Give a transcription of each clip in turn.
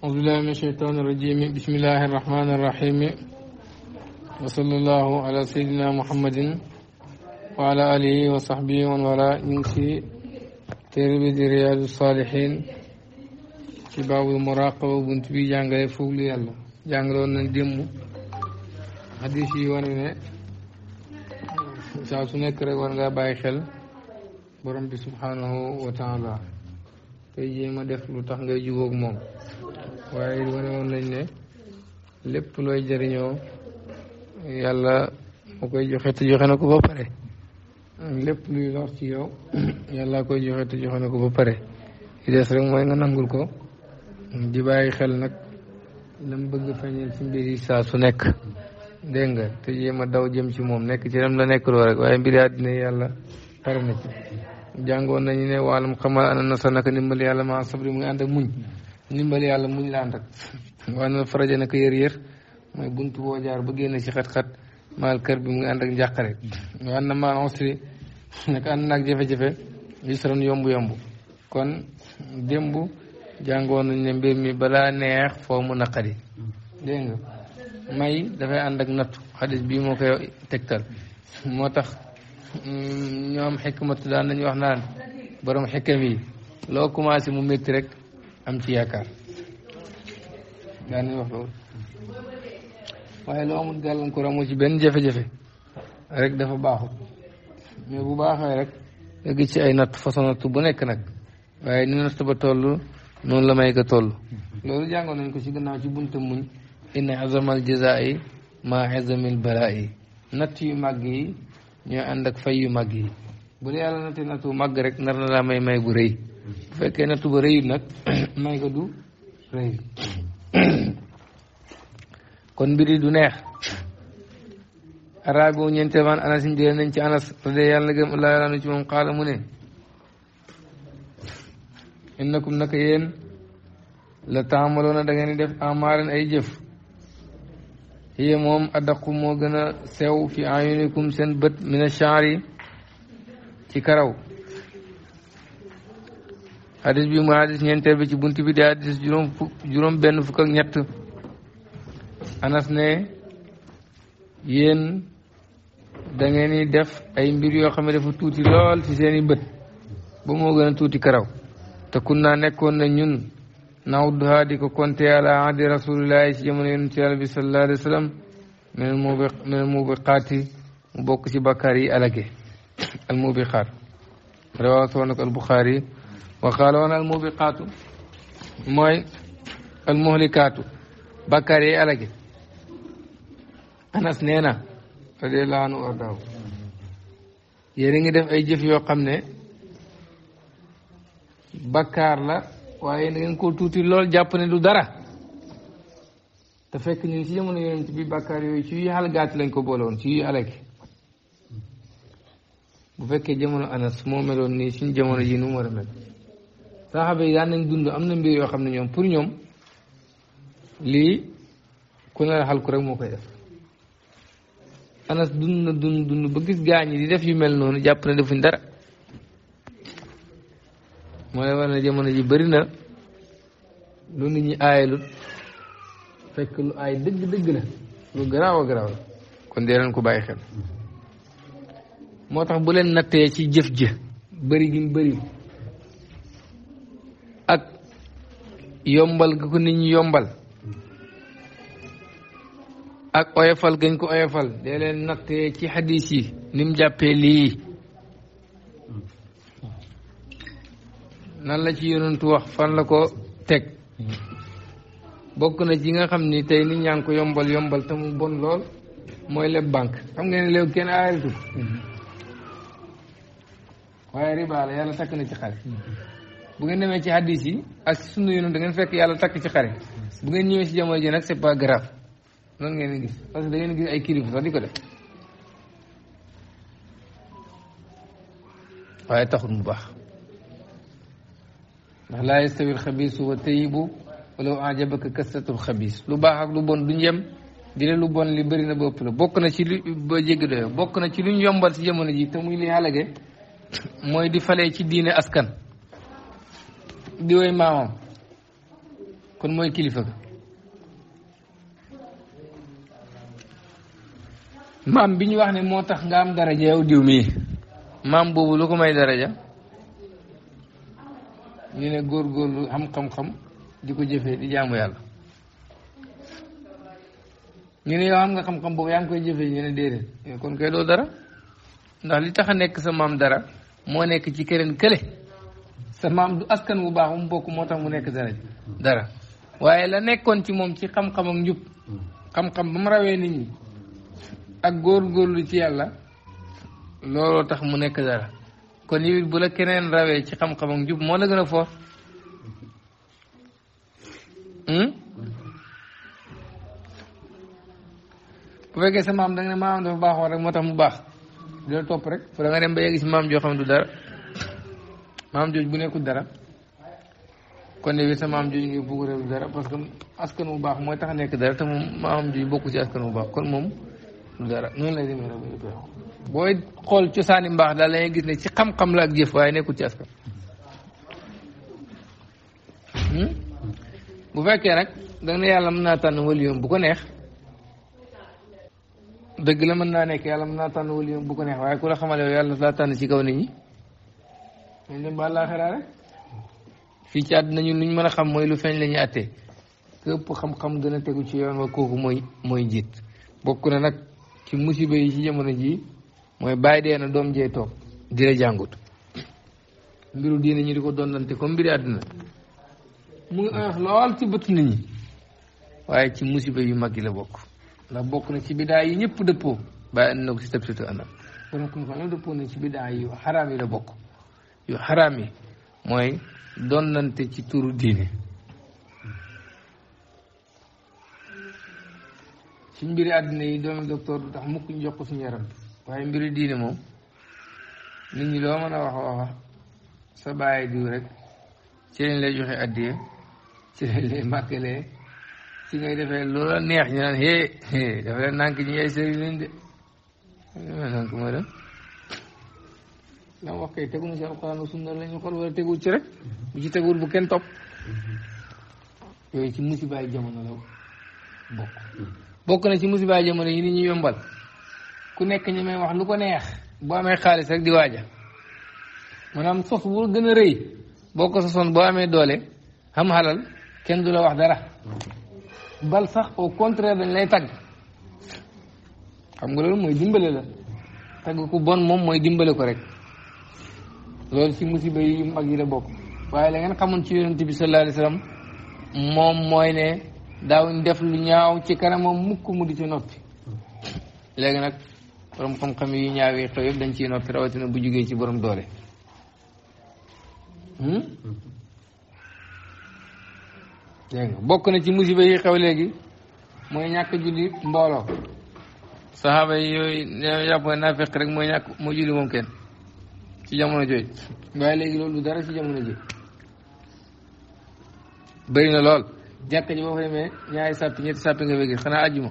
أعوذ بالله من الشيطان الرجيم بسم الله الرحمن الرحيم وصلى الله على سيدنا محمد وعلى آله وصحبه ومن والاه نمشي تربية رياض الصالحين ci baabu muraqaba bunt bi jàngale fooglu yàlla jàngale woon nañ démb xadis yi wane ne saa su nekk rek war ngaa bàyyi xel borom bi subhanahu wa taala tey jéem a def lu tax ngay jubóog moom waaye it wane woon nañ ne lépp looy jëriñoo yàlla moo koy joxe te joxe na ko ba pare lépp luy lor ci yow yàlla koy joxe te joxe na ko ba pare li des rek mooy nga nangul ko di bàyyi xel nag lam bëgg feeñal ci mbir yi saa su nekk dégg nga te jéem a daw jëm ci moom nekk ci lam la nekk loo rek waaye mbir àddina yàlla pare na ci jàngoon nañu ne wàllum xamal ana na naka ndimbal yàlla maa sabri muy ànd ak muñ ndimbal yàlla muñ la ànd ak wa na faraja na yër yër mooy bunt boo jaar ba génn ci xat-xat maal kër bi mu ngi ànd ak njàqare wa na maal usri naka ànd naag jafe-jafe yusran yomb-yomb kon démb jàngoon nañ ne mbir mi balaa neex foo mu naqari dégg nga may dafay ànd ak nattu xadis bii moo koy tegtal moo tax mm, ñoom xikmatu daan nañu wax naan borom xikam yi loo commencé mu métti rek am ci yaakaar daa nañ wax loolu waaye loo amul gàllankoor amoo ci benn jafe-jafe rek dafa baaxut mais bu baaxee rek nga gis ci ay natt façon natt bu nekk nag waaye ni natt ba toll noonu la may ga toll loolu jàngoon nañ ko ci gannaaw ci bunta muñ inna azamal jazaa'i ma azamil balaa'i natt yu màgg yi ñoo ànd ak fay yu màgg yi bu dee yàlla natt nattu màgg rek nar na laa may may bu rëy bu fekkee nattu ba rëyul nag may ko du kon mbiri du neex araago ñeenteel waan anas im nañ ci anas radi yàlla na gëm allah yàlla ci moom xaala mu ne innakum naka yéen la taamaloona da ngeen di def amaaren ay jëf hiya moom adaqu moo gën a sew fi ayunikum seen bët mina shaari ci karaw hadis bi mu hadis ñeenteel bi ci bunt bi di hadis juróom fukk benn fukk ak ñett anas ne yéen da ngeen di def ay mbir yoo xam ne tuuti lool ci seeni bët ba moo gën a tuuti karaw te kun naa nekkoon na ñun nawduha di ko konte ala ahdi rasulillahi si jamono yonent yàlla bi sallallahu alayhi meneen mu bokk ci bakkaar yi alage al mubiqaat rawaatoon ak al buxaari waxaala woon almubiqaatu mooy almuhlikaatu bakkaar yi alagi anas nee na radiallahu anhu ardaaw yéen a ngi def ay jëf yoo xam ne bakkaar la waaye na ngeen koo tuuti lool jàpp ne du dara te fekk ñun ci jamono yonent bi bakkaar yooyu ci yuy xalgaati lañ ko booloon ci yuy alagi bu fekkee jamono anas moo meloon nii suñ jamono ji nu mu a saxaaba yi daan nañ dund am na mbir yoo xam ne ñoom pour ñoom lii ku ne xalku rek moo koy def anas dund na dund dund ba gis gaañ yi di def yu mel noonu jàpp na defuñ dara mooy war na jamono ji bari na lu nit ñi aayalut fekk lu aay dëgg dëgg la lu garaaw a garaaw la kon dee leen ko bàyyi xel moo tax bu leen nattee ci jëf jë bëri gi mu yombal gi ko nit ñi yombal ak oyofal gañ ko oyofal dee leen nattee ci xadis yi ni jàppee lii nan la ci yonentu wax fan la ko teg bokk na ci nga xam ni tey nit ñaa ko yombal yombal te mu bon lool mooy leb banque xam ngeen ne léegi kenn aayaltu mm-hmm. waaye riba yàlla takk na ci xaalis bu ngeen demee ci hadis yi ak sunu yoon dangeen fekk yàlla takk ci xare bu ngeen ñëwee ci jamono ji nag c'est pas grave noonu ngeen gis parce que da ngeen gis ay kilifa sax di ko def waaye taxul mu baax ndax laa yastawi alxabiisu wa tayibu walaw ajabaka kasratul xabiis lu baax ak lu bon du njëm di lu bon li bari na ba la bokk na ci lu ba jégg doyo bokk na ci luñ yombal si jamono ji te muy li halage mooy di falee ci diine askan di woy maamam kon mooy kilifa ga maam bi ñu wax ne moo tax nga am daraja yow diw mii maam boobu lu ko may daraja ñu ne góor am xam-xam di ko jëfee di jaamu yàlla ñu ne yow am nga xam-xam boobu yaa ngi koy jëfee ñu ne déedéet kon koy doo dara ndax li tax a nekk sa maam dara moo nekk ci keneen kële sa maam du askan wu baax mu bokk moo tax mu nekk dara dara waaye la nekkoon ci moom ci xam-xam ak njub xam-xam ba mu rawee nit ñi ak góor-góorlu ci yàlla looloo tax mu nekk dara kon yow bu la keneen rawee ci xam-xam ak njub moo la gën a foor hmm? bu fekkee sa maam da nga ne maam dafa baaxoon rek moo tax mu baax di la topp rek fu da dem ba yegg si maam joo xam du dara maam jooju bu nekkul dara kon yow sa maam jooju ngi bëgg réew dara parce que askan wu baax mooy tax nekk dara te moom maam jooju bokku ci askan wu baax kon moom du dara noonu lay demee réew booy xool cosaani mbaax daal la gis ne ci xam-xam la ak jëf waaye nekkul ci askan hmm? bu fekkee nag da ne yàlla mën naa tànn waliyoom bu ko neex dëgg la mën naa nekk yàlla mën naa tànn waliyoom bu ko neex waaye ku la xamal yow yàlla laa tànn ci kaw nit ñi ñu dem ba àllaaxira rek fii ci àdduna ñu lu mën a xam mooy lu feeñ la ñuy àtte képp xam-xam gën a tegu ci yoon wa kooku mooy mooy njiit bokk na nag ci musiba yi ci jamono ji mooy bàyyi dee na doom jee toog di la jàngut mbiru diine ñu di ko dondante comme mbiri àdduna mu ngi oyof lool ci bëtu nit ñi waaye ci musiba yu mag yi la bokk ndax bokk na ci biddaa yi ñëpp dëppoo bàyyi na ko si tëb nag ci biddaa yu xaraam yi la bokk. yu xaraam yi mooy donnante ci turu diine ci mbiri àddina yi doomi docteur du tax mukk ñu jox ko suñu waaye mbiri diine moom nit ñi loo mën a wax wax sa bàyyi diw rek ci lañ lay joxe addiye ci lañ lay màkkalee ci ngay defee loola neex ñu naan hee dafa leen nànk ñi ay sëriñ lañ de nank mooy dem la wax kay tegu na ci alquran sunna la ñu xool wala tegu ci rek bu ci teguwul bu kenn topp mm-hmm. yooyu ci musibaay jamono la bokk bokk na ci musibaay jamono yi ni ñu yombal ku nekk ñu may wax lu ko neex boo amee xaalis rek di waaja maanaam sos bu gën a rëy boo ko sosoon boo amee doole xam xalal kenn du la wax dara bal sax au contraire dañ lay tagg xam nga loolu mooy dimbale la tagg ku bon moom mooy dimbale ko rek loolu ci musiba yu mag yi la bokk waaye la ngeen xamoon ci yonent bi sallallahu alayhi wasallam moom mooy ne daawuñ def lu ñaaw ci kanamam mukk mu di ci noppi léegi nag borom xam yi ñaaw yi yëpp dañ ciy noppi rawatina bu jugee ci borom doole hmm? nga bokk na ci musiba yi xew léegi mooy ñàkk julli mbooloo saxaaba yi yooyu yàpp nga naa fekk rek mooy ñàkk moo julli moom kenn ci jamono jooju waaye léegi loolu dara ci jamono ji bëri na lool jàkka ji boo fa demee ñaari sàppi ñetti sàppi nga wéegi xanaa ajjuma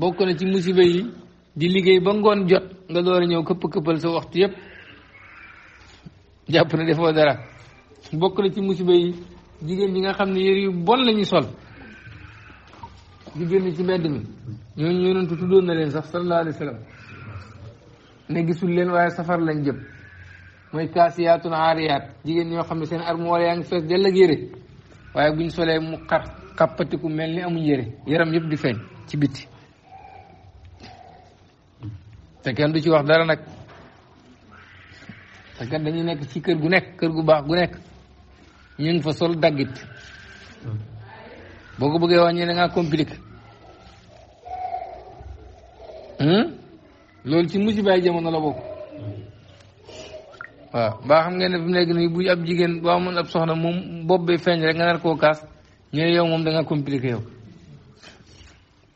bokk na ci musiba yi di liggéey ba ngoon jot nga door a ñëw këpp këppal sa waxtu yépp jàpp na defoo dara bokk na ci musiba yi jigéen ñi nga xam ne yëre yu bon lañu sol di génn ci mbedd mi ñooñu yonentu tuddoon na leen sax sallallahu alayhi wa ne gisul leen waaye safar lañ jëm mooy kaasiyaatun aariyaat jigéen ñoo xam ne seen armoire yaa ngi fees dell ak yére waaye buñ solee mu xar xappatiku mel ni amuñ yére yaram yëpp di feeñ ci bitti te kenn du ci wax dara nag te kat dañu nekk ci kër gu nekk kër gu baax gu nekk ñu ngi fa sol daggit boo ko bëggee wàññi da ngaa compliqué hmm? loolu ci musibaay jamono la bokk waa baa xam ngeen ne fi mu nekk nii bu ab jigéen boo amoon ab soxna moom bopp bi feeñ rek nga nar koo kaas ñu yow moom da ngaa compliqué yow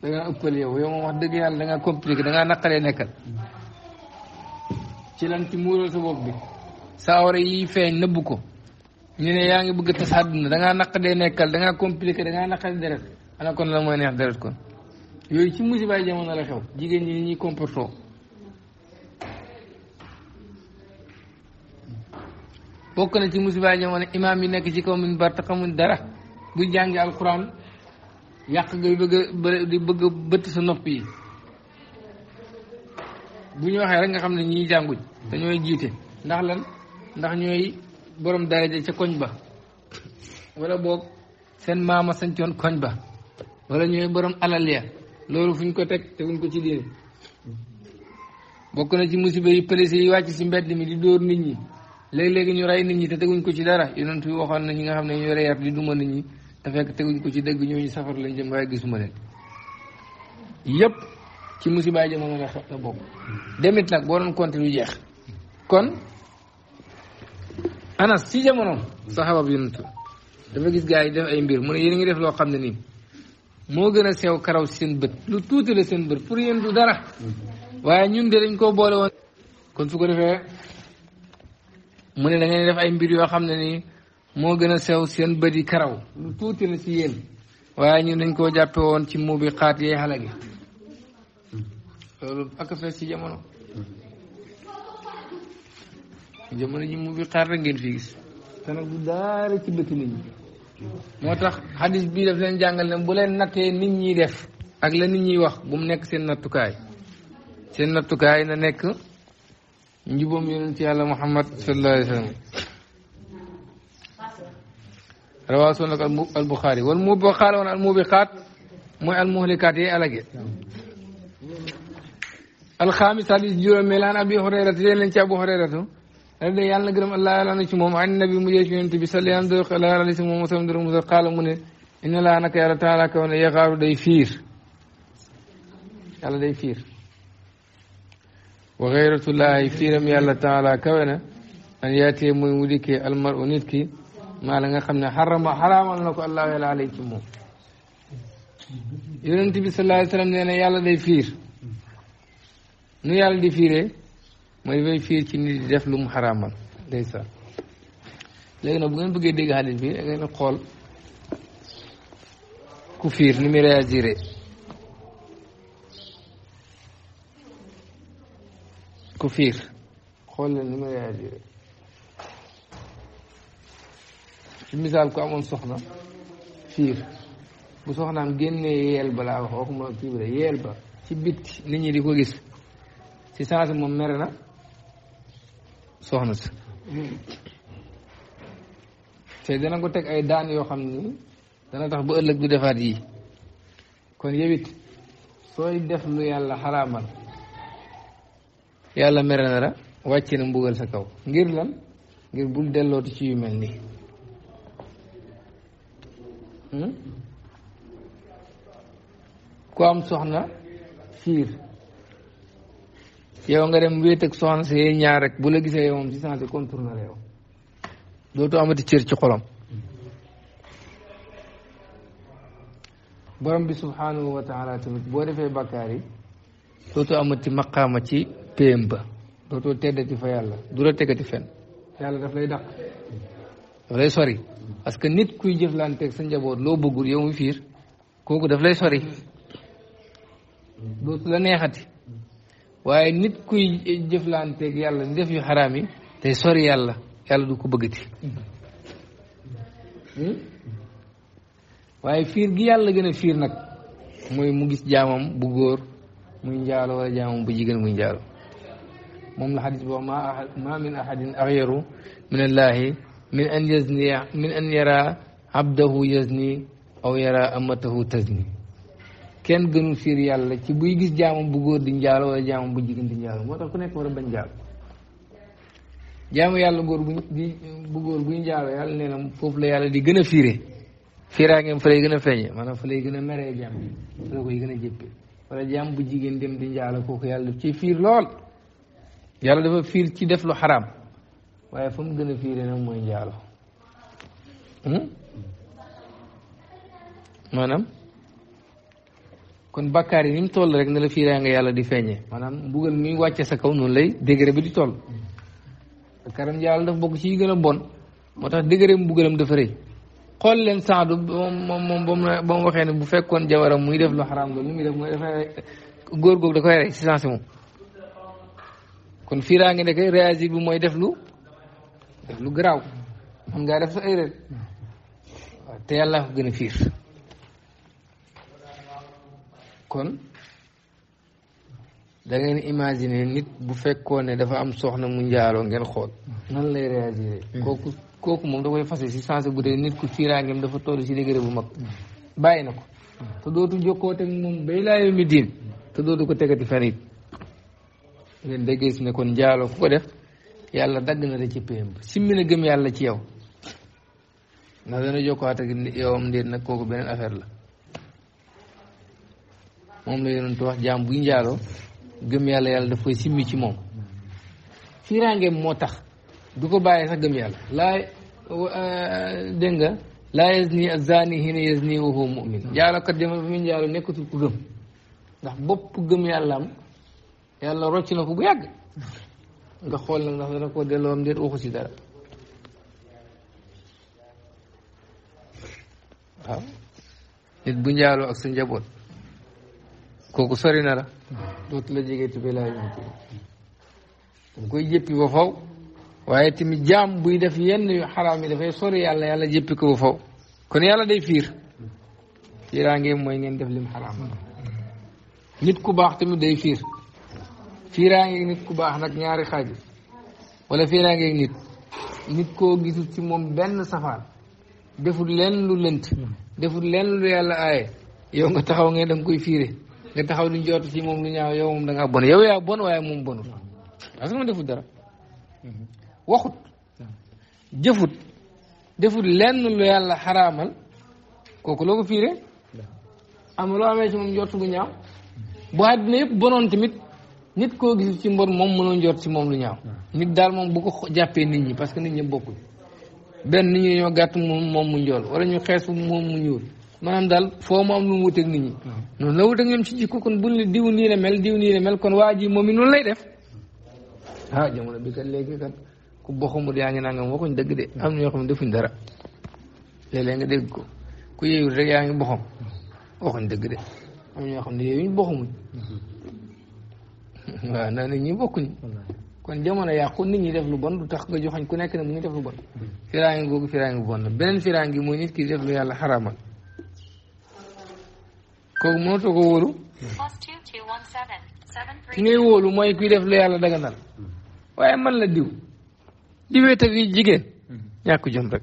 da ëppal yow yow moom wax dëgg yàlla da ngaa compliqué da ngaa naqaree nekkal ci lan ci muural sa bopp bi sa awra yi feeñ nëbbu ko ñu ne yaa ngi bëgg a tas àdduna da ngaa naqadee nekkal dangaa ngaa compliqué da ngaa naqadi deret ana la mooy neex deret kon yooyu ci musibaay jamono la xew jigéen ñi ni ñuy comportoo bokk na ci musibaay jamono imaam yi nekk ci kaw min bar xamuñ dara bu jàngi alquran yàq nga bëgg di bëgg a sa nopp yi bu ñu waxee rek nga xam ne ñii jànguñ dañooy ñooy jiite ndax lan ndax ñooy borom daara ca koñ ba wala boog seen maama sañcoon koñ ba wala ñooy boroom alal ya loolu fu ñu ko teg teguñ ko ci diine bokk na ci musiba yi police yi wàcc si mbedd mi di dóor nit ñi léegi-léegi ñu nit ñi te teguñ ko ci dara yonent bi waxoon na ñi nga xam ne ñu yore yar di duma teguñ ko ci dëgg ñooñu safar lañ jëm waaye gisuma leen yëpp ci musibaay jamono la bokk demit nag boo doon compter lu jeex kon Anas ci jamono saxaaba bi yonent dafa gis gars yi def ay mbir mu ne yéen ngi def loo xam ne nii moo gën a sew karaw seen bët lu tuuti la seen bët pour yéen du dara waaye ñun de dañ koo boole woon. kon su ko defee mu ne da def ay mbir yoo xam ne nii moo gën a sew seen bët yi karaw lu tuuti la ci yéen waaye ñun dañ koo jàppe woon ci muubi xaat yee xale gi loolu ak fees ci jamono. jamono ji mu bi xaar rek ngeen fii ci bëti nit moo tax xadis bii daf leen jàngal ne bu leen nattee nit ñi def ak la nit ñiy wax bu mu nekk seen nattukaay seen nattukaay na nekk njubam yonent yàlla muhammad sallallahu alayhi wa sallam rawaa al buxaari wal mu bi xaar woon al mu mooy al muhlikaat yi alage alxaamis xadis juróomeel an abi hurayratu radi yàlla na gërëm allah yàlla na ci moom an nabi mu jee ci yonent bi salli an dox allah yàlla na ci moom mosam dor mosa xaala mu ne inna laa naka yàlla taala kaw ne yaxaaru day fiir yàlla day fiir wa xayratullahi fiiram yàlla taala kawe na an yaatee mooy mu dikkee almar u nit ki maa la nga xam ne xarama xaraamal na ko allah yàlla alay ci moom yonent bi sallallahu alayhi wa sallam nee na yàlla day fiir nu yàlla di fiiree mooy wéy fiir ci nit di def lu mu xaraamal léegi nag bu ngeen bëggee dégg xaalis bi da ngeen xool ku fiir ni muy ku fiir xool leen ni muy ci misaal ku amoon soxna fiir bu soxnaam génnee yeel ba laa wax waxuma kii yeel ba ci bitti nit ñi di ko gis ci saa si moom mere na soxna si te dana ko teg ay daan yoo xam ni dana tax ba ëllëg du defaat yi kon yow sooy def lu yàlla xaraamal yàlla mere na la wàcc na mbugal sa kaw ngir lan ngir bul dellooti ci yu mel nii hmm? ku am soxna fiir yow nga dem wéet ak soxna si yéen ñaar rek bu la gisee yow moom ci sensé contourné la yow dootoo amati cër ci xolam borom bi subhanahu wa taala boo defee bakkaar yi dootoo amati maqaama ci péem ba dootoo teddati fa yàlla du la tegati fen yàlla daf lay dàq daf lay sori parce que nit kuy jëflanteeg sa njaboot loo bëggul yow mu fiir kooku daf lay sori mm. dootu la neexati waaye nit kuy jëflanteeg yàlla ndef yu xaraam yi tey sori yàlla yàlla du ko bëggati hmm? waaye fiir gi yàlla gën a fiir nag mooy mu gis jaamam bu góor muy njaalo wala jaamam bu jigéen muy njaalo moom la xadis boo ma ma min ahadin axyaru min allahi min an yazni min an yara abdahu yazni aw yara amatahu tazni kenn gënul fiir yàlla ci buy gis jaamam bu góor di njaalo wala jaamam bu jigéen di njaalo moo tax ku nekk war a bañ njaalo jaamu yàlla góor bu góor buy njaalo foofu la yàlla di gën a fiire fiiraangeem fa lay gën a feeñe maanaam fa lay gën a meree jaam bi fa la koy gën a jëppee wala bu jigéen dem di njaalo kooku yàlla fiir lool yàlla dafa fiir ci def lu xaraam waaye fa mu gën a fiire nag mooy njaalo hmm? maanaam kon bàkkaar yi ni mu toll rek na la fii yàlla di feeñee maanaam mbugal mi wàcce sa kaw noonu lay degré bi di toll bàkkaaram yàlla dafa bokk ci gën a bon moo tax degré mbugalam dafa rëy xool leen saadu moom moom ba mu waxee ne bu fekkoon jabaram muy def lu xaraam loolu lu muy def mooy dafay góor goog da koy rey si moom kon fii raa nga nekk réagir bi mooy def lu def lu garaaw man ngaa def sa ay rek te yàlla ko gën a fiir kon da ngeen imaginer nit bu fekkoon ne dafa am soxna mu njaaloo ngeen xool nan lay réagir hmm. kooku kooku moom da koy fase si sensé bu dee nit ku fiiraangeem dafa toll si degré bu mag bàyyi na ko te dootu jokkoo teg moom bay laayo mi diin te dootu ko tegati fen ngeen déggee si ne kon njaaloo ku ko def yàlla dagg na da ci péem simmi na gëm yàlla ci yow ndax dana jokkoo teg ndéet nag kooku beneen affaire la moom la yonent wax jaam buy njaaloo gëm yàlla yàlla daf koy simmi ci moom fiiraangeem moo tax du ko bàyyi sax gëm yàlla laa euh, dégg nga laa yazni azani hina yazni wa huwa mu'min njaalokat demal ba muy njaaloo nekkatul ku gëm ndax bopp gëm yàlla am yàlla rocc na ko bu yàgg nga xool nag ndax dana ko delloo am déet waxu si dara waaw nit bu njaaloo ak sa njaboot kooku sori na la dootu la jege te balaa danga koy jëppi ba faw waaye tamit jaam buy def yenn yu xaraam yi dafay sori yàlla yàlla jëppi ko ba faw kon yàlla day fiir fiiraange ngeen def lim xaraam nit ku baax day fiir fiiraangeeg ku baax nag ñaari xaaji wala fiiraangeeg nit nit koo gisul ci moom benn safaan deful lenn lu lënt deful lenn lu yàlla aaye yow nga taxaw ngeen danga koy fiire nga taxaw di jot ci moom lu ñaaw yow moom da bon yow yaa bon waaye moom bonul parce que ma defut dara waxut jëfut defut lenn lu yàlla xaraamal kooku loo ko fiire am loo amee ci moom njort bu ñaaw bu àddina yëpp bonoon tamit nit koo gis ci mbon moom mënoo njort ci moom lu ñaaw nit daal moom bu ko jàppee nit ñi parce que nit ñi bokkul benn nit ñi ñoo gàtt moom moom mu njool wala ñu xees moom mu ñuul maanaam daal foo mu am lu mu wuteeg nit ñi hmm. noonu la wuteeg ñoom mel diw waa ji moom it noonu lay def hmm. ah bi kat léegi kat ku yaa ngi nangam waxuñ dëgg de am na xam ne defuñ dara léeg-léeg nga dégg ko ku yeewul ngi boxam waxuñ dëgg de na ñoo xam ne yeewuñ hmm. na nit ñi bokkuñ kon jamono yàqu nit ñi def lu bon du tax nga joxañ ku nekk mu ngi bon firaangi googu firaangi bu bon nit ki def lu yàlla xaraamal kooku mënatoo ko wóolu ki ngay wóolu mooy kuy def la yàlla daganal waaye man la diw diwee tag jigéen ñàkk jom rek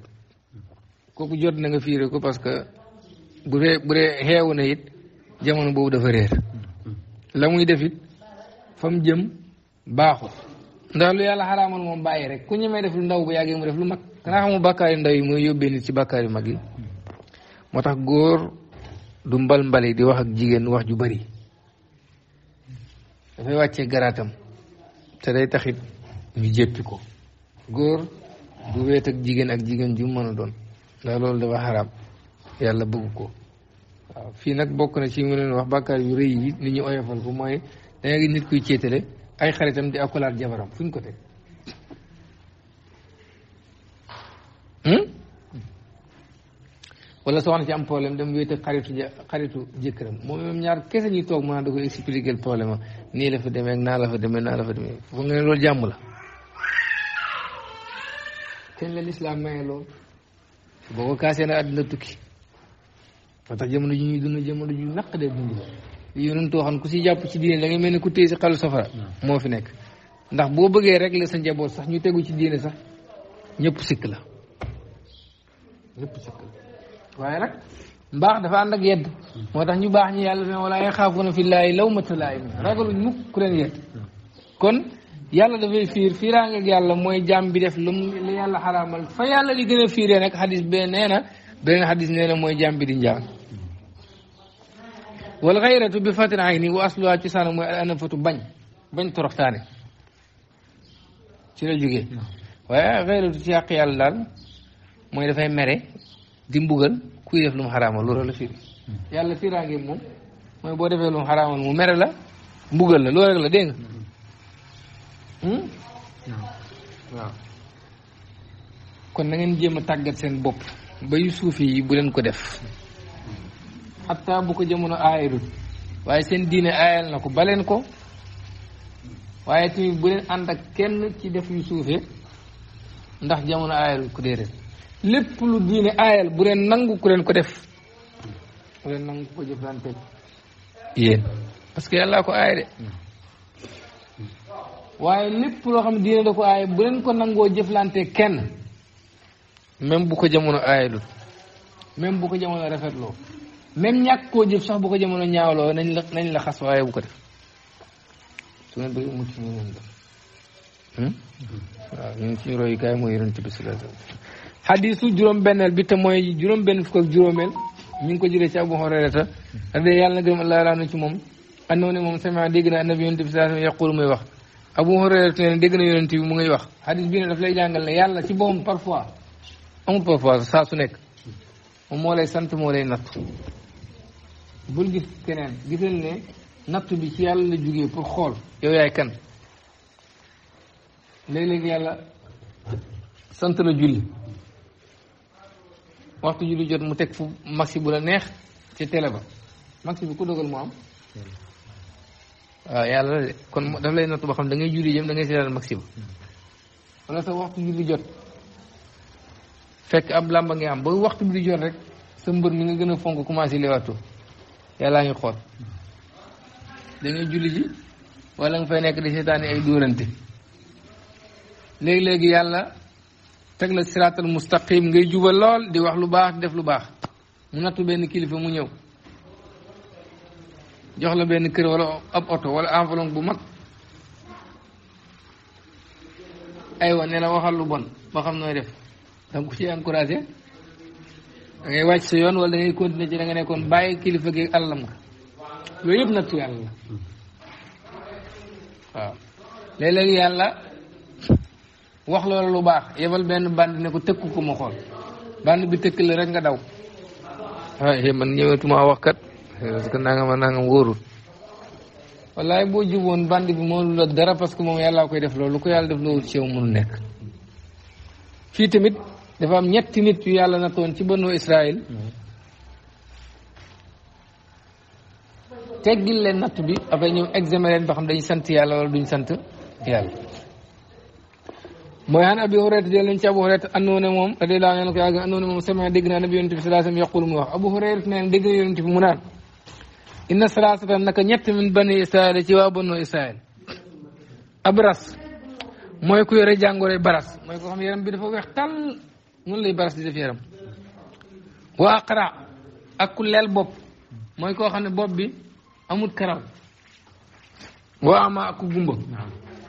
kooku jot na nga fiire ko parce que bu dee bu xeewu na it jamono boobu dafa réer la muy def it fa mu jëm baaxul ndax lu yàlla xaraamal moom bàyyi rek ku ñemee def lu ndaw bu yàggee mu def lu mag kanaa xamu bàkkaar ndaw yi mooy yóbbee nit ci bàkkaar mag yi moo tax góor du mbal yi di wax ak jigéen wax ju bari dafay wàccee garaatam te day taxit ñu jéppi ko góor du weet ak jigéen ak jigéen ju mën a doon ndax loolu dafa xaraam yàlla bëgg ko waaw fii nag bokk na ci mu leen wax bàkkaar yu rëy yi nit ñu oyofal ko mooy da nit kuy céetale ay xaritam di akolaat jabaram fu ñu ko teg hmm? wala soxna si am problème dem wéet ak xaritu xaritu jëkkëram moom moom ñaar kese ñuy toog maanaam da koy expliquer problème nii la fa demee ak naa la fa demee naa la fa demee foog nga ne loolu jàmm la. kenn la lislaam maye loolu boo ko kaasee na àddina tukki ba tax jamono ji ñuy dund jamono ji naq de dund la li yonent waxoon ku si jàpp ci diine da mel ni ku téye si xalu safara hmm. moo fi nekk ndax boo bëggee rek la sa njaboot sax ñu tegu ci diine sax ñëpp la. waaye nag mbaax dafa ànd ak yedd moo tax ñu baax ñi yàlla ne wala yaxaafuuna fillaahi kon yàlla dafay fiir yàlla mooy jaam bi def lu li yàlla xaraamal fa yàlla li gën a fiiree xadis bee nee na beneen mooy jaam bi di njaan wal xayratu bi fatin ayni wa asluha ci saana mooy al bañ bañ toroxtaane ci la jógee hmm. yàlla daal dafay mere di mbugal kuy def lu mu xaraamal loolu la firi hmm. yàlla fiiraange moom mooy boo defee lu mu xaraamal mu mere la mbugal la loolu rek la dégg nga hmm. Hmm? waaw kon na ngeen jéem a tàggat seen bopp ba yu suufi yi bu leen ko def xataa bu ko jamono aayalul waaye seen diine aayal na ko baleen ko waaye tamit bu leen ànd ak kenn ci def yu suufee ndax jamono aayalul ko déedéet lépp lu diine aayal bu leen nangu ku leen ko def bu leen nangu ko jëflante yéen parce yàllaa ko aay de waaye lépp loo xam ne diine da ko aay bu leen ko nangoo jëflante kenn même bu ko jamono aayalul même bu ko jamono rafetloo même ñàkk koo jëf sax bu ko jamono ñaawloo nañ la nañ la xas waaye bu ko def su ngeen bëgg mucc ñu ngeen def hmm? mooy yonent bi sallallahu alayhi wa sallam xadiisu juróom-benneel bi te mooy juróom-benn fukk ak juróomeel ñu ngi ko jëlee ci Abu Hurayrata radiyallaahu yàlla na gërëm Allah laanu ci moom andoon ne moom sama dégg na annabi yonent bi sallallahu alayhi wax Abu Hurayrata na yonent bi mu ngay wax xadiis bii ne lay jàngal ne ci boppam parfois amul saa su nekk moom moo lay sant moo lay natt bul gis keneen gisal ne natt bi ci yàlla la jugee pour xool yow yaay kan léeg-léeg yàlla sant la julli waxtu julli jot mu teg fu maxi bu la neex ci télé ba maxi bu ku dogal mu am waaw ah, yàlla kon daf lay natt ba xam da ngay julli jëm da ngay seetaan maxi ba wala sa waxtu julli jot fekk ab làmba ngay am ba waxtu bi di jot rek sa mbër mi nga gën a fonk commencé lewaatu yàllaa ngi xool da ngay julli ji wala nga fay nekk di seetaani ay dóorante léegi-léegi yàlla teg la siraatal mustaqim ngay juba lool di wax lu baax def lu baax mu nattu benn kilifa mu ñëw jox la benn kër wala ab oto wala enveloppe bu mag aywa ne la waxal lu bon ba xam nooy def danga ci encouragé da ngay wàcc sa yoon wala da ngay continuer ci da nekkoon bàyyi kilifa gi àllam nga loolu yëpp nattu yàlla waaw léeg-léeg yàlla wax loola lu baax yebal benn band ne ko tëkku ko mu xool band bi tëkk la rek nga daw waaye man ñëwetuma wax kat parce que nangam a wóorul wallaay boo juboon band bi mënul la dara parce que moom yàlla koy def loolu lu ko yàlla def loolu ci yow mënul nekk fii tamit dafa am ñetti nit yu yàlla nattoon ci banu Israël teggil leen natt bi après ñëw examen leen ba xam dañu sant yàlla wala duñ sant yàlla mooy an abi hurayra jël nañ ci abu hurayra andoo ne moom radiyallaahu anhu ko yàgg andoo ne moom sama dégg naa nabi yonent bi sallallahu alayhi mu wax abu hurayra neen dégg na yonent bi mu naan inna salaasatan naka ñett min bani israil ci waa banu israil abras mooy ku yore jàngoro baras mooy ko xam yaram bi dafa weex tal noonu lay baras di def yaram wa aqra ak leel bopp mooy koo xam ne bopp bi amul karaw wa ama ak gumba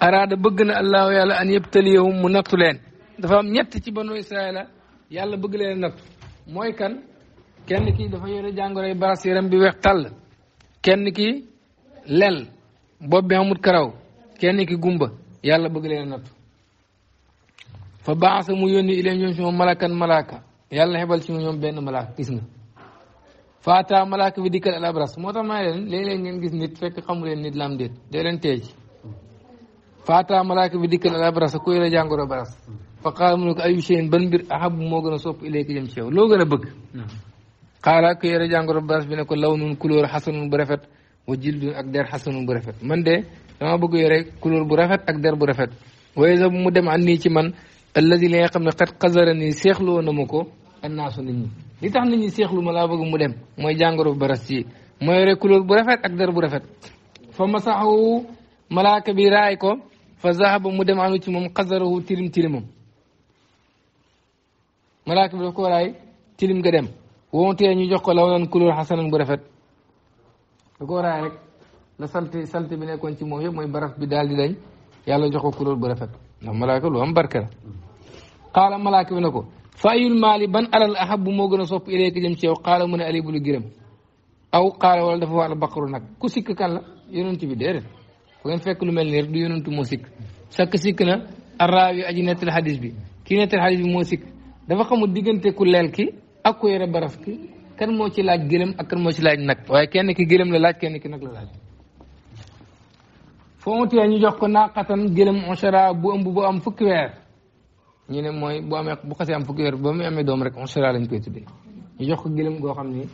araada bëgg na allahu yàlla an yabtaliyahum mu nattu leen dafa am ñett ci banu la yàlla bëgg leen nattu mooy kan kenn kii dafa yore jàngoroy baras yaram bi weex tàll kenn ki lel bopp bi amut karaw kenn ki gumba yàlla bëgg leen nattu fa baasa mu yónni ileem ñoom si moom malakan malaka yàlla xebal ci ñoom benn malaaka gis nga faataa malaaka bi dikkal al abras moo tax maa leen léeg-léeg gis nit fekk xamu nit lam dee leen teej faata malaaka bi dikkal ala barasa kuy la jàngoro baras fa qaala mu ne ko ayu shay'in ban mbir ahabu moo gën a sopp ilayka jëm ci yow loo gën a bëgg xaala ku yore jàngoro baras bi ne ko law nun couleur xasanun bu rafet wa jildun ak der xasanun bu rafet man de dama bëgg yore couleur bu rafet ak der bu rafet waaye sax mu dem an nii ci man alladi li nga xam ne xat xasara nii seexloo na ma ko annaasu nit ñi li tax nit ñi seexlu ma laa bëgg mu dem mooy jàngoro baras ci mooy yore couleur bu rafet ak der bu rafet fa masaxu malaaka bi raay ko fa zahaba mu dem anu ci moom xasarahu tilim tilimam malaaka bi daf ko waraay tilim nga dem wontee ñu jox ko law nan kulóor xasanan bu rafet da ko waraay rek la salte salte bi nekkoon ci moom yëpp mooy baraf bi daal di dañ yàlla jox ko kulóor bu rafet ndax malaaka la qaala bi ne ko fayul maali ban alal ahabu moo gën a sopp ilayka jëm ci yow qaala mu ne alibulu gërëm aw qaala wala dafa war a nag ku sikk kan la yonent bi déedéet fu ngeen fekk lu mel nii rek du yonantu moo sikk sakk sikk na arraawi aji nettali xadis bi ki nettali xadis bi moo sikk dafa xamul diggante ku leel ki ak ku yore baraf ki kan moo ci laaj gëlëm ak kan moo ci laaj nag waaye kenn ki gëlëm la laaj kenn ki nag la laaj foo mu tee ñu jox ko naaqatan gëlëm onchara bu ëmb bu am fukki weer ñu ne mooy bu amee bu xasee am fukki weer ba mu amee doom rek onchara lañ koy tuddee ñu jox ko gëlëm goo xam ni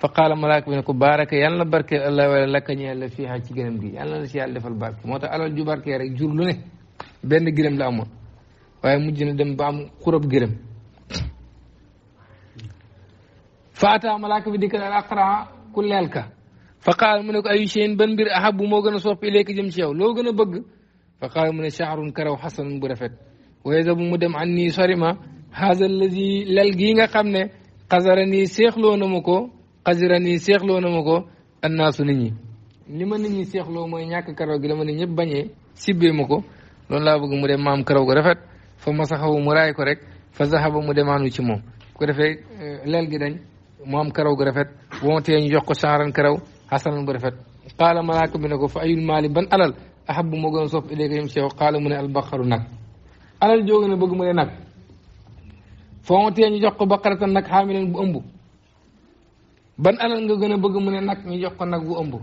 فقال ملاك بنك كبارك يان لا بركة الله ولا لك نيال فيها تي جرم بي يان لا شيال دفال بارك موتا على الجو بارك يا رجل جور لونه بين جرم لا أمون وهي مجنة دم بام خرب جرم فأتى ملاك بديك الأقرع كل ألكا فقال منك أي شيء بن بير أحب موغن صوف إليك جمشيو لو غن بغ فقال من شعر كرو حسن برفت وإذا بمدم عني صارما هذا الذي للغيغا خمنا قذرني سيخ لونمكو xasirani seexloo na ma ko annaasu nit ñi li ma nit ñi seexloo mooy ñàkk karaw gi la ma ne ñëpp bañee sibbee ma ko loolu laa bëgg mu dem maam karaw gu rafet fa ma saxaw mu raay ko rek fa saxaba mu demaanu ci moom ko defee euh, leel gi dañ mu am karaw gu rafet wontee ñu jox ko saaran karaw xasanan bu rafet qaala malaaka bi ne ko fa ayul maali ban alal ahabu moo gën a sopp ilayka yim sew qaala mu ne albaqaru nag alal joogu ne bëgg mu ne nag foo wontee ban alal nga gën a bëgg mu ne nag ñu jox ko nag bu ëmb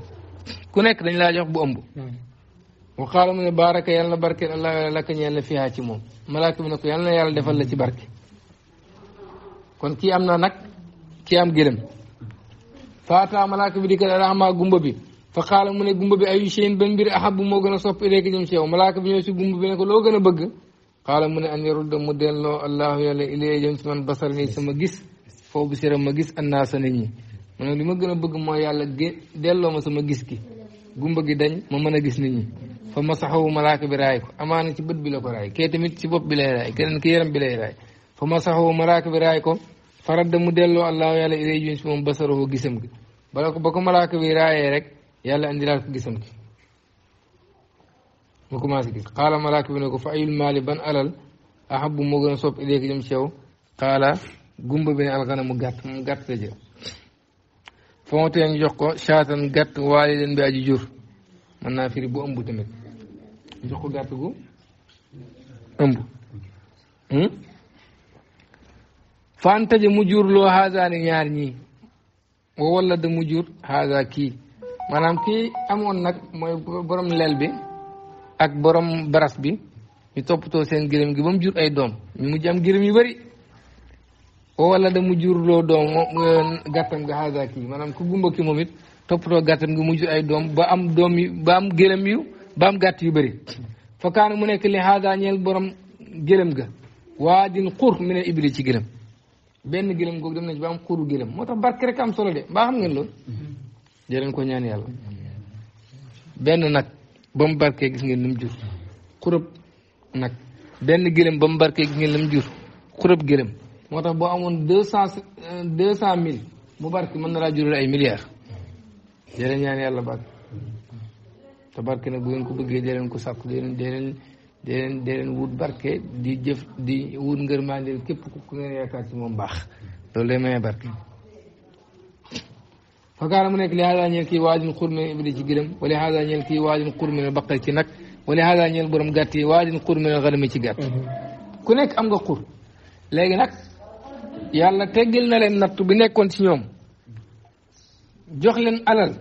ku nekk dañ laa jox bu ëmb hmm. wa qaala mu ne baaraka yàlla na barke allah lakk ñeel la fiha ci moom malaaka bi ne na yàlla defal la ci barke kon na nag kii am gëlëm faataa bi di ko rahma bi fa mu ne gumba bi ayu shay'in ban gën a sopp ilayka jëm ci yow malaaka bi si gumba bi ne ko loo gën a bëgg qaala mu ne an yarudda mu delloo allahu yàlla ilayya jëm ci man basar nii sama gis foofu si ma gis annaasa nit ma ne li ma gën a bëgg moo yàlla delloo ma sama gis gi gumba gi dañ ma mën a gis nit ñi fa ma saxawu malaaka bi raay ko amaana ci bët bi la ko raay kee tamit ci bopp bi lay raay keneen ki yaram bi lay raay fa ma saxawu malaaka bi ko faradda mu delloo allahu yàlla ilay jun si ko ba ko bi raayee rek yàlla indilaat ko gisam gi ko fa ayul maali ban alal ahabu moo gën a sopp ileeki jëm ci xaala gumba bi ne alxana mu gàtt mu gàtt la jël fonte ñu jox ko saatan gàtt waali leen bi aji jur mën naa firi bu ëmb tamit jox ko gàtt gu ëmb hmm? fantaje mu jur loo xaasa ni ñaar ñii wa walla da mu jur xaasa kii maanaam kii amoon nag mooy borom leel bi ak borom baras bi ñu toppatoo seen gërëm gi ba mu jur ay doom ñu mujj am gërëm yu bari wala da mu jurloo doom moom gàttam nga xaaza kii maanaam ku gumba ki moom it toppatoo gàttam nga mujj ay doom ba am doom yu ba am gëlëm yu ba am gàtt yu bëri fa mu nekk li xaaza ñeel borom gëlëm ga waa din xur mi ne ibri ci gëlëm benn gëlëm googu dem na ci ba am xuru gëlëm moo tax barke rek am solo de mbaa xam ngeen loolu jëreen mm-hmm. ko ñaan yàlla benn nag ba mu barkee gis ngeen li mu jur xurëb nag benn gëlëm ba mu barkee gis ngeen li mu jur xurëb gëlëm moo tax boo amoon deux cent deux cent mille mu barke mën na laa jural ay milliards jërë ñaan yàlla barke te barke nag bu ngeen ko bëggee dee ko sàkku dee leen dee leen dee leen dee leen wut barke di jëf di wut ngërmande képp ku ngeen yaakaar ci moom baax loolu lay mayee barke fakaara mu nekk li haada ñeel kii waajun xurmine ibli ci gërëm wala haada ñeel kii waajun xurmine baqar ci nag wala haada ñeel borom gàtt yi waajun xurmine ci gàtt mm-hmm. ku nekk am nga xur léegi nag yàlla teggil na leen nattu bi nekkoon ci ñoom jox leen alal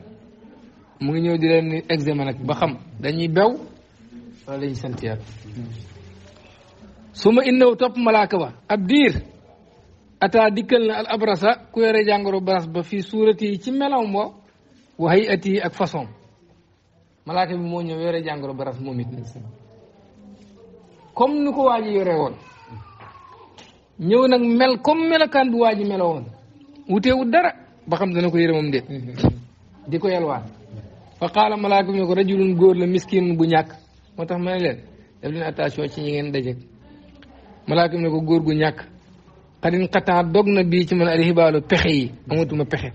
mu ngi ñëw di leen examen nag ba xam dañuy bew wala dañuy sant yàlla su ma innaw topp malaaka ba ab diir ataa dikkal na al abrasa ku yore jàngoro baras ba fii suurati yi ci melow ma waxay at yi ak façon malaaka bi moo ñëw yore jàngoro baras moom it comme ni ko waa yore woon ñëw nag mel comme melokaan bu waa ji melowoon woon wuteewut dara ba xam dana ko yërë moom déet di ko yelwaan fa qaala malaaka bi ne ko rajulun góor la miskin bu ñàkk moo tax ma ne leen def leen attention ci ñi ngeen daje malaaka bi ne ko góor gu ñàkk xarin xataa dog na bii ci man ari pexe yi amatuma pexe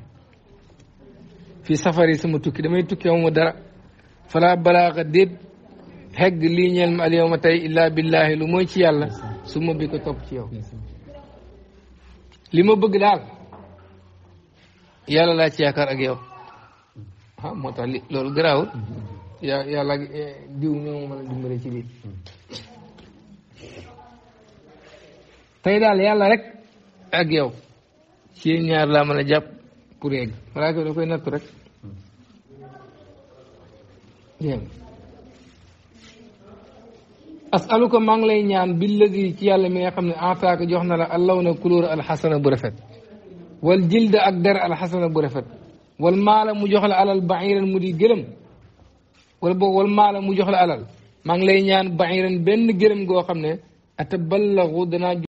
fii safari sama tukki damay tukki amuma dara fala balaaxa déet xegg lii ñeel ma alyawma tey illaa billahi lu mooy ci yàlla su ma bi ko topp ci yow li ma bëgg daal yàlla laa ci yaakaar ak yow ah moo tax li loolu garaawul yaa yàlla eh, diw ñoo ma mën a dimbale ci lii tey daal yàlla rek ak yow ci ñaar laa mën a jàpp pour yegg malaaka da koy natt rek أسألك من لي نعم بالذي تيال من يقم أعطاك جوحنا اللون كلور الحسن برفت والجلد أقدر الحسن برفت والمال مجوحل على البعير المدي قلم والمال مجوحل على من لي نعم بعير بن قلم جوحنا أتبلغ دنا